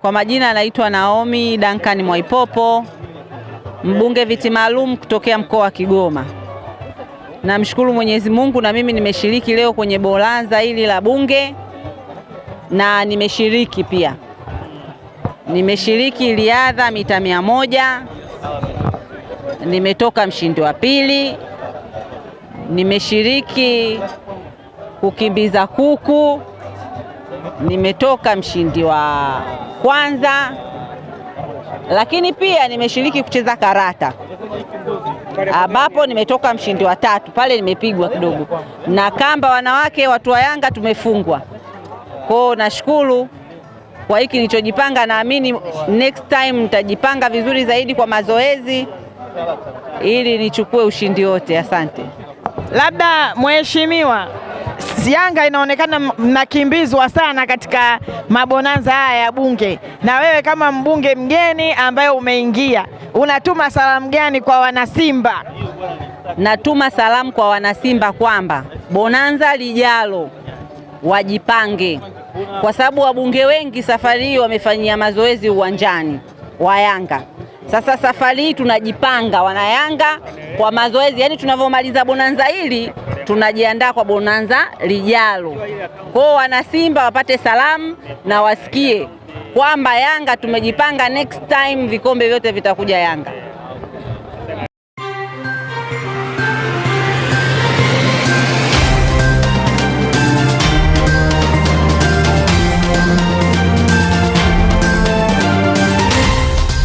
Kwa majina anaitwa Naomi Duncan Mwaipopo, mbunge viti maalum kutokea mkoa wa Kigoma. Namshukuru Mwenyezi Mungu na mimi nimeshiriki leo kwenye bonanza hili la bunge na nimeshiriki pia, nimeshiriki riadha mita mia moja, nimetoka mshindi wa pili. Nimeshiriki kukimbiza kuku nimetoka mshindi wa kwanza, lakini pia nimeshiriki kucheza karata ambapo nimetoka mshindi wa tatu. Pale nimepigwa kidogo na kamba, wanawake watu wa Yanga tumefungwa kwao. Nashukuru kwa hiki nilichojipanga, naamini next time nitajipanga vizuri zaidi kwa mazoezi ili nichukue ushindi wote. Asante. Labda mheshimiwa Yanga inaonekana mnakimbizwa sana katika mabonanza haya ya Bunge, na wewe kama mbunge mgeni ambaye umeingia, unatuma salamu gani kwa wanasimba? Natuma salamu kwa wanasimba kwamba bonanza lijalo wajipange, kwa sababu wabunge wengi safari hii wamefanyia mazoezi uwanjani wa Yanga. Sasa safari hii tunajipanga wanayanga kwa mazoezi, yaani tunavyomaliza bonanza hili tunajiandaa kwa bonanza lijalo. Kwao wanasimba wapate salamu na wasikie kwamba Yanga tumejipanga, next time vikombe vyote vitakuja Yanga.